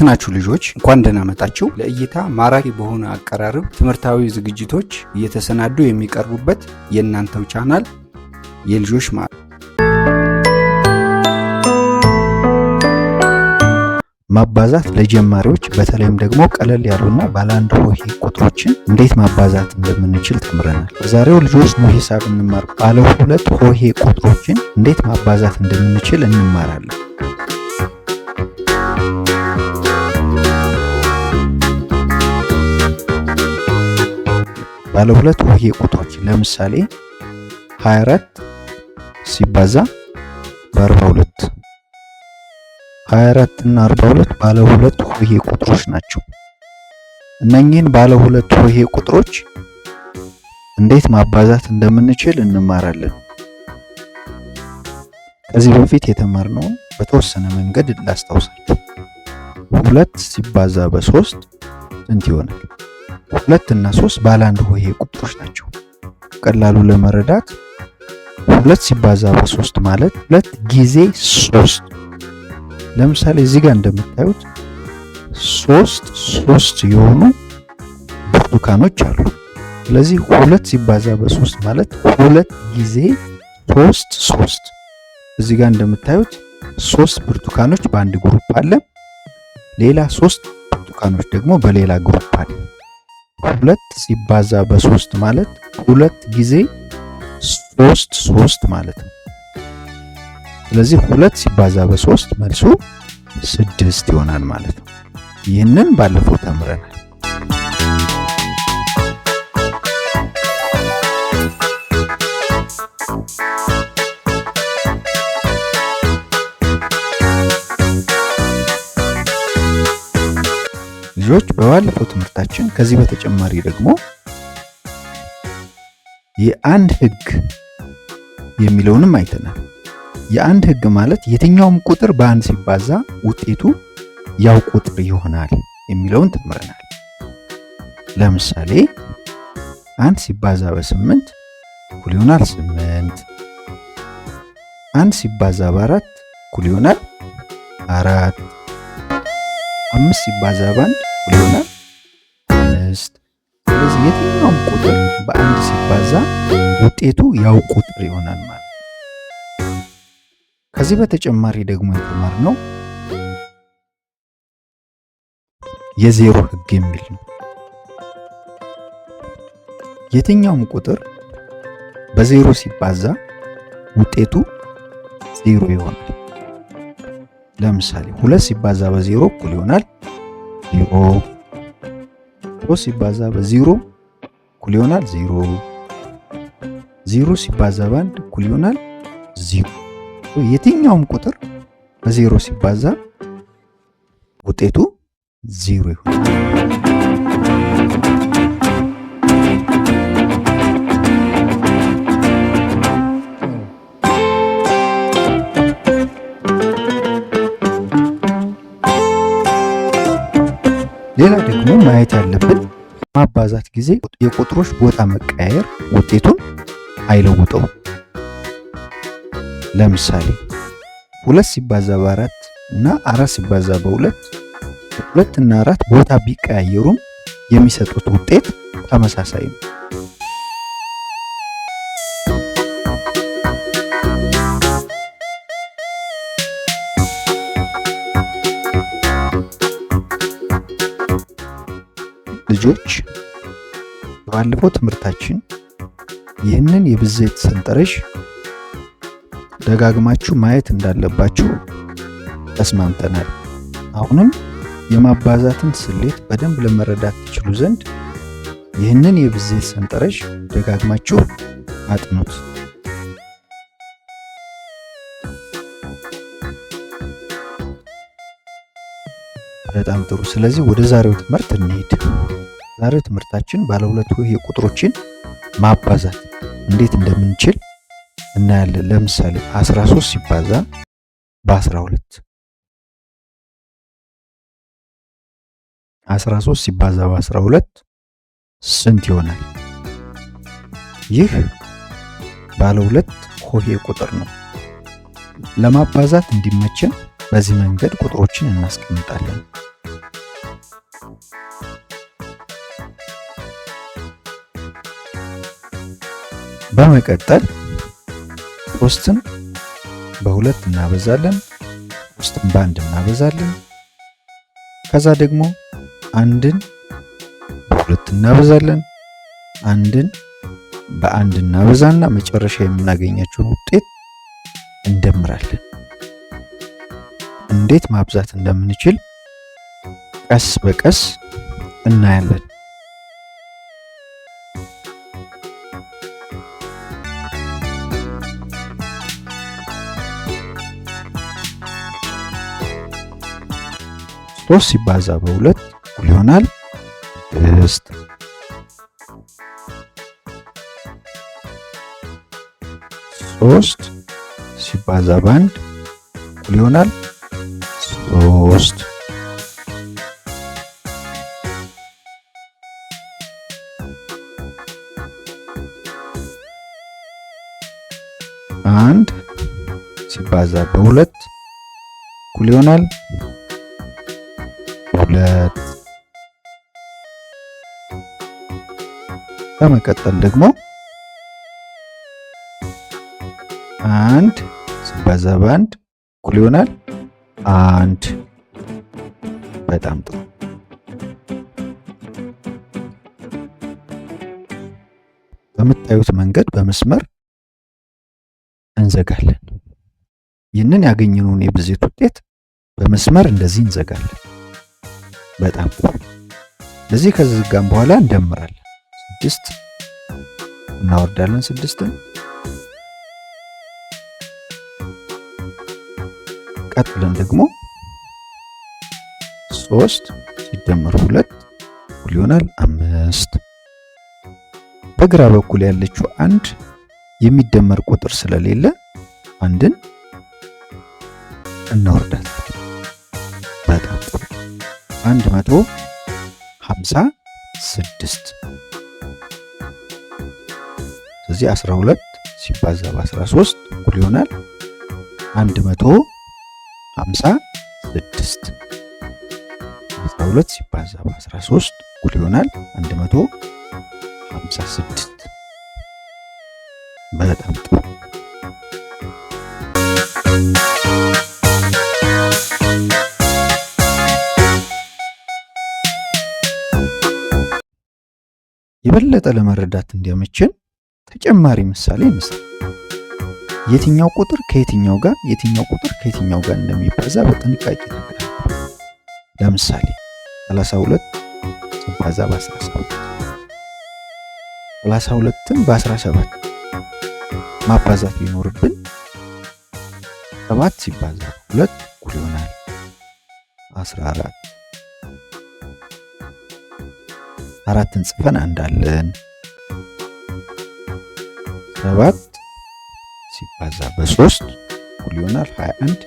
እንዴት ናችሁ ልጆች? እንኳን ደህና መጣችሁ። ለእይታ ማራኪ በሆነ አቀራረብ ትምህርታዊ ዝግጅቶች እየተሰናዱ የሚቀርቡበት የእናንተው ቻናል የልጆች ማ ማባዛት ለጀማሪዎች በተለይም ደግሞ ቀለል ያሉና ባለአንድ ሆሄ ቁጥሮችን እንዴት ማባዛት እንደምንችል ተምረናል። በዛሬው ልጆች ነው ሂሳብ እንማር ባለ ሁለት ሆሄ ቁጥሮችን እንዴት ማባዛት እንደምንችል እንማራለን። ባለ ሁለት ውህዬ ቁጥሮች ለምሳሌ 24 ሲባዛ በ42 24 እና 42 ባለ ሁለት ውሄ ቁጥሮች ናቸው። እነኚህን ባለ ሁለት ውህዬ ቁጥሮች እንዴት ማባዛት እንደምንችል እንማራለን። ከዚህ በፊት የተማርነው በተወሰነ መንገድ ላስታውሳችሁ። ሁለት ሲባዛ በሶስት ስንት ይሆናል? ሁለት እና ሶስት ባለ አንድ ሆሄ ቁጥሮች ናቸው። ቀላሉ ለመረዳት ሁለት ሲባዛ በሶስት ማለት ሁለት ጊዜ ሶስት። ለምሳሌ እዚህ ጋር እንደምታዩት ሶስት ሶስት የሆኑ ብርቱካኖች አሉ። ስለዚህ ሁለት ሲባዛ በሶስት ማለት ሁለት ጊዜ ሶስት ሶስት። እዚህ ጋር እንደምታዩት ሶስት ብርቱካኖች በአንድ ግሩፕ አለ። ሌላ ሶስት ብርቱካኖች ደግሞ በሌላ ግሩፕ አለ። ሁለት ሲባዛ በሶስት ማለት ሁለት ጊዜ ሶስት ሶስት ማለት ነው። ስለዚህ ሁለት ሲባዛ በሶስት መልሱ ስድስት ይሆናል ማለት ነው። ይህንን ባለፈው ተምረናል። ልጆች በባለፈው ትምህርታችን ከዚህ በተጨማሪ ደግሞ የአንድ ህግ የሚለውንም አይተናል። የአንድ ህግ ማለት የትኛውም ቁጥር በአንድ ሲባዛ ውጤቱ ያው ቁጥር ይሆናል የሚለውን ተምረናል። ለምሳሌ አንድ ሲባዛ በስምንት እኩል ይሆናል ስምንት። አንድ ሲባዛ በአራት እኩል ይሆናል አራት። አምስት ሲባዛ በአንድ እኩል ይሆናል አምስት። ስለዚህ የትኛውም ቁጥር በአንድ ሲባዛ ውጤቱ ያው ቁጥር ይሆናል ማለት ከዚህ በተጨማሪ ደግሞ የተማርነው የዜሮ ህግ የሚል ነው። የትኛውም ቁጥር በዜሮ ሲባዛ ውጤቱ ዜሮ ይሆናል። ለምሳሌ ሁለት ሲባዛ በዜሮ እኩል ይሆናል ዲኦ ኦ ሲባዛ በ እኩል ይሆናል 0 0 ሲባዛ በአንድ እኩል ይሆናል 0። የትኛውም ቁጥር በ ሲባዛ ውጤቱ 0 ይሆናል። ማየት ያለብን ማባዛት ጊዜ የቁጥሮች ቦታ መቀያየር ውጤቱን አይለውጠውም። ለምሳሌ ሁለት ሲባዛ በአራት እና አራት ሲባዛ በሁለት ሁለት እና አራት ቦታ ቢቀያየሩም የሚሰጡት ውጤት ተመሳሳይ ነው። ልጆች ባለፈው ትምህርታችን ይህንን የብዜት ሰንጠረዥ ደጋግማችሁ ማየት እንዳለባችሁ ተስማምተናል። አሁንም የማባዛትን ስሌት በደንብ ለመረዳት ትችሉ ዘንድ ይህንን የብዜት ሰንጠረዥ ደጋግማችሁ አጥኑት። በጣም ጥሩ። ስለዚህ ወደ ዛሬው ትምህርት እንሄድ። ዛሬ ትምህርታችን ባለ ሁለት ውህይ ቁጥሮችን ማባዛት እንዴት እንደምንችል እናያለን። ለምሳሌ 13 ሲባዛ በ12 13 ሲባዛ በ12 ስንት ይሆናል? ይህ ባለ ሁለት ሆሄ ቁጥር ነው። ለማባዛት እንዲመችን በዚህ መንገድ ቁጥሮችን እናስቀምጣለን። በመቀጠል ሶስትን በሁለት እናበዛለን፣ ሶስትን በአንድ እናበዛለን። ከዛ ደግሞ አንድን በሁለት እናበዛለን፣ አንድን በአንድ እናበዛና መጨረሻ የምናገኛቸውን ውጤት እንደምራለን። እንዴት ማብዛት እንደምንችል ቀስ በቀስ እናያለን። ሶስት ሲባዛ በሁለት እኩል ይሆናል ስድስት። ሶስት ሲባዛ በአንድ እኩል ይሆናል ሶስት። አንድ ሲባዛ በሁለት እኩል ይሆናል ሁለት። በመቀጠል ደግሞ አንድ ሲባዛ በአንድ እኩል ይሆናል አንድ። በጣም ጥሩ። በምታዩት መንገድ በመስመር እንዘጋለን። ይህንን ያገኘነውን የብዜት ውጤት በመስመር እንደዚህ እንዘጋለን። በጣም ለዚህ ከዘጋም በኋላ እንደምራለን። ስድስት እናወርዳለን። ስድስትን ቀጥለን ደግሞ ሶስት ሲደመር ሁለት እኩል ይሆናል አምስት። በግራ በኩል ያለችው አንድ የሚደመር ቁጥር ስለሌለ አንድን እናወርዳለን። 156 መቶ ስለዚህ 12 ሲባዛ በ13 እኩል ይሆናል 156 12 ሲባዛ በ13 እኩል ይሆናል 156 በጣም ጥሩ የበለጠ ለመረዳት እንዲያመችን ተጨማሪ ምሳሌ እንስጥ። የትኛው ቁጥር ከየትኛው ጋር የትኛው ቁጥር ከየትኛው ጋር እንደሚባዛ በጥንቃቄ ተመልከቱ። ለምሳሌ 32 ሲባዛ በ17 32ን በ17 ማባዛት ቢኖርብን 7 ሲባዛ 2 እኩል ይሆናል 14 አራትን ጽፈን አንዳለን። ሰባት ሲባዛ በሶስት እኩል ይሆናል 21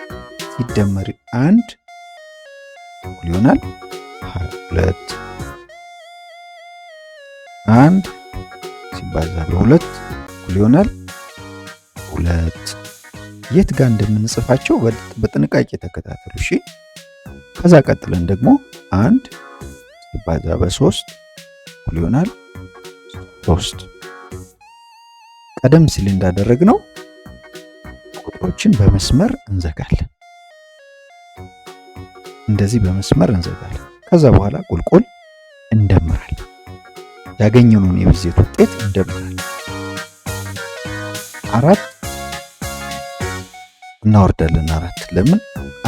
ሲደመር አንድ እኩል ይሆናል 22። አንድ ሲባዛ በሁለት እኩል ይሆናል ሁለት። የት ጋር እንደምንጽፋቸው በጥንቃቄ ተከታተሉ እሺ። ከዛ ቀጥለን ደግሞ አንድ ሲባዛ በሶስት እኩል ይሆናል ሶስት ቀደም ሲል ነው ቁጥሮችን በመስመር እንዘጋለን። እንደዚህ በመስመር እንዘጋለን። ከዛ በኋላ ቁልቁል እንደምራለን። ያገኘነውን የብዜት ውጤት እንደምራለን። አራት እናወርዳለን። አራት ለምን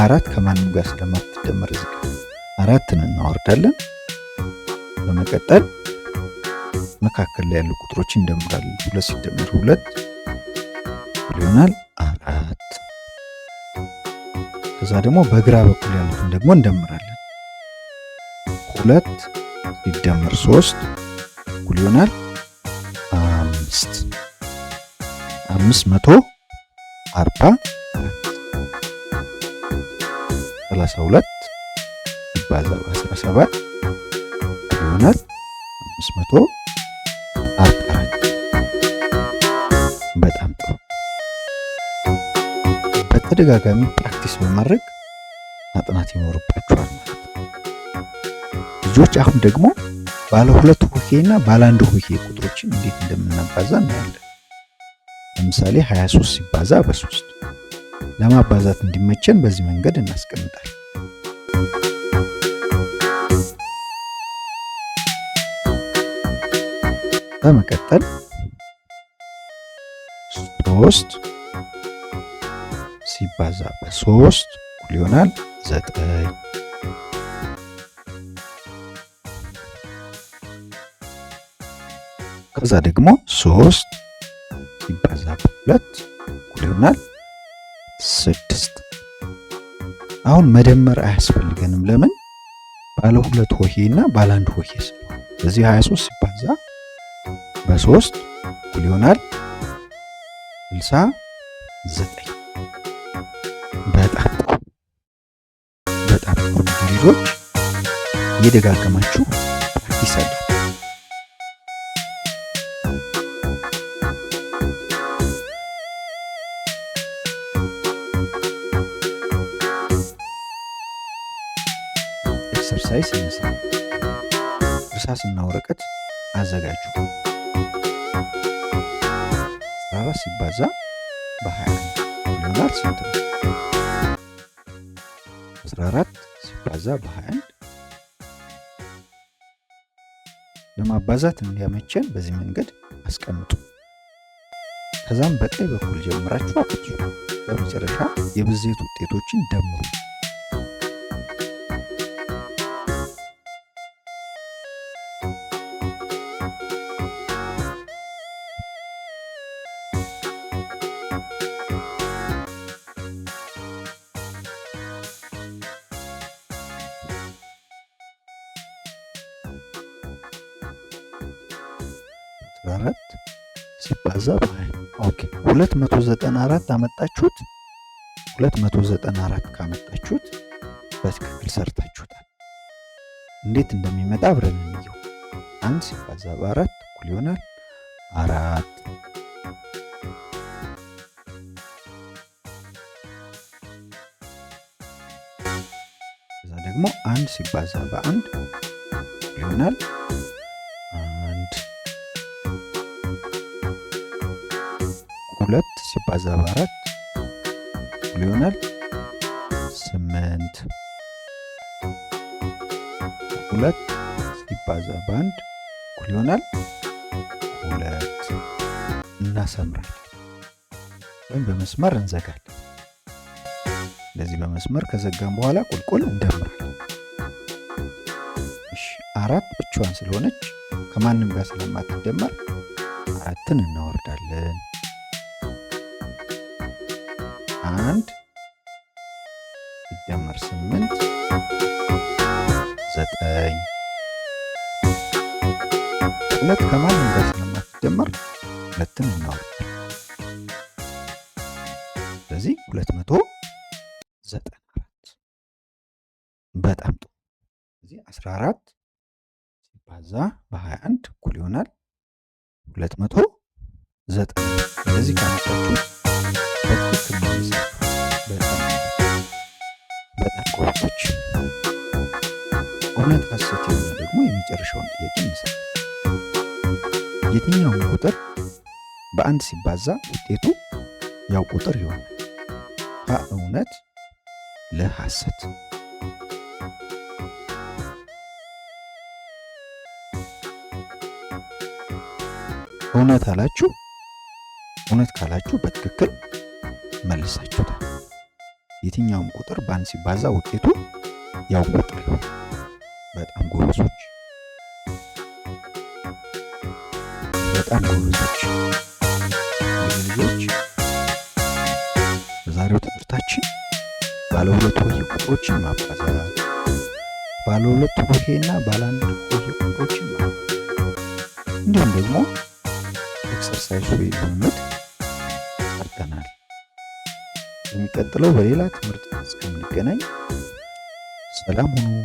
አራት ከማንም ጋር ስለማትደመር እዚህ አራትን እናወርዳለን። በመቀጠል መካከል ላይ ያሉ ቁጥሮች እንደምራል። ሁለት ሲደመር ሁለት ይሆናል አራት። ከዛ ደግሞ በግራ በኩል ያሉትን ደግሞ እንደምራለን። ሁለት ሲደመር ሶስት እኩል ይሆናል አምስት አምስት መቶ አርባ ሰላሳ ሁለት ይባዛ አስራ ሰባት ይሆናል አምስት መቶ በተደጋጋሚ ፕራክቲስ በማድረግ ማጥናት ይኖርባቸዋል። ልጆች አሁን ደግሞ ባለ ሁለት ሆኬ እና ባለ አንድ ሆኬ ቁጥሮችን እንዴት እንደምናባዛ እናያለን። ለምሳሌ 23 ሲባዛ በ3 ለማባዛት እንዲመቸን በዚህ መንገድ እናስቀምጣለን። በመቀጠል 3 ሲባዛ በሶስት እኩል ይሆናል ዘጠኝ። ከዛ ደግሞ ሶስት ሲባዛ በሁለት እኩል ይሆናል ስድስት። አሁን መደመር አያስፈልገንም። ለምን? ባለ ሁለት ሆሄ እና ባለ አንድ ሆሄ ስለሆነ እዚህ 23 ሲባዛ በሶስት እኩል ይሆናል ስልሳ ዘጠኝ። እየደጋገማችሁ ፕራክቲስ አድርጉ። ኤክሰርሳይዝ እንስራ። እርሳስና ወረቀት አዘጋጁ። አራት ሲባዛ በሀያ ይሆናል ስንት ነው? 14 ሲባዛ በ21 ለማባዛት እንዲያመቸን በዚህ መንገድ አስቀምጡ። ከዛም በቀኝ በኩል ጀምራችሁ አብዙ። በመጨረሻ የብዜት ውጤቶችን ደምሩ። ገንዘብ ኦኬ 294 አመጣችሁት። 294 ካመጣችሁት በትክክል ሰርታችሁታል። እንዴት እንደሚመጣ አብረን እንየው። አንድ ሲባዛ በአራት እኩል ይሆናል አራት ደግሞ አንድ ሲባዛ በአንድ ይሆናል ሲባዛ በአራት ስምንት ሁለት ሲባዛ በአንድ እኩል ይሆናል ሁለት። ወይም በመስመር እንዘጋለን። ስለዚህ በመስመር ከዘጋን በኋላ ቁልቁል እንደምራለን። አራት ብቻዋን ስለሆነች ከማንም ጋር ስለማትደመር አራትን እናወርዳለን። አንድ ሲደመር ስምንት ዘጠኝ ሁለት ከማንም ጋር ስለማትደመር ሁለትን እናወርዳለን። ስለዚህ ሁለት መቶ ዘጠና አራት በጣም ጥሩ። ስለዚህ አስራ አራት ሲባዛ በሀያ አንድ እኩል ይሆናል ሁለት መቶ ዘጠና ስለዚህ ከመጣችሁ በጣም በጣም ጎበዞች። እውነት ሐሰት የሆነ ደግሞ የመጨረሻውን ጥያቄ ይመስላል። የትኛውን ቁጥር በአንድ ሲባዛ ውጤቱ ያው ቁጥር ይሆናል? ሀ እውነት፣ ለ ሐሰት። እውነት አላችሁ? እውነት ካላችሁ በትክክል መልሳችሁታል። የትኛውም ቁጥር በአንድ ሲባዛ ውጤቱ ያው ቁጥር ይሆናል። በጣም ጎበዞች፣ በጣም ጎበዞች ልጆች። በዛሬው ትምህርታችን ባለ ሁለት ሆሄ ቁጥሮችን ማባዛት፣ ባለ ሁለት ሆሄና ባለ አንድ ሆሄ ቁጥሮችን እንዲሁም ደግሞ ኤክሰርሳይዝ ወይ ልምምድ በሚቀጥለው በሌላ ትምህርት እስከምንገናኝ ሰላም ሁኑ።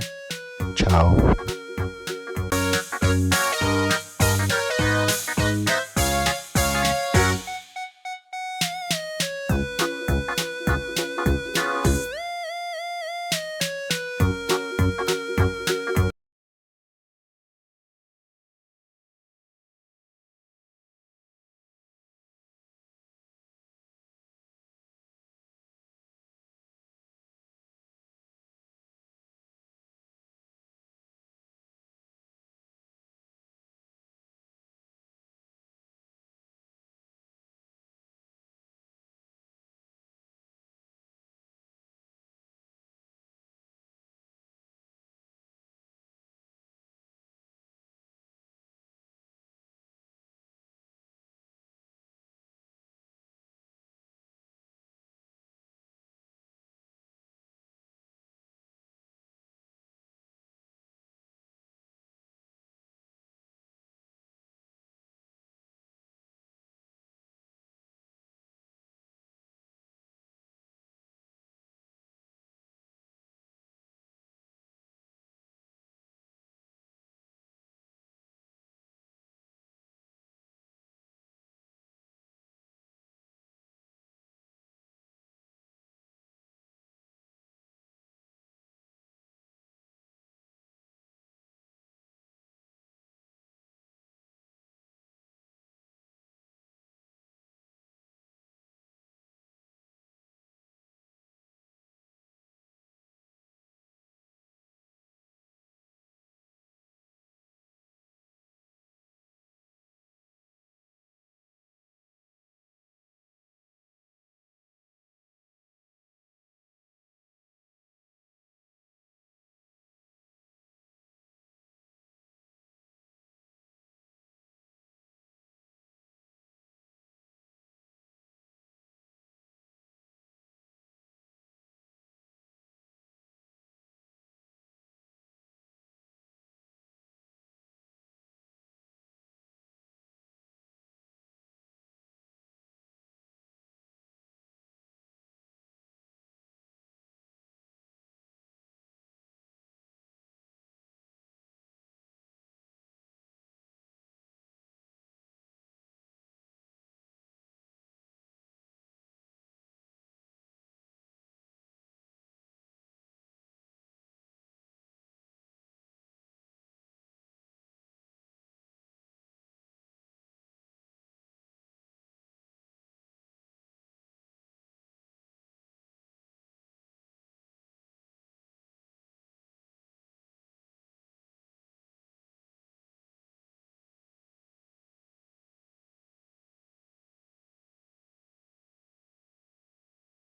ቻው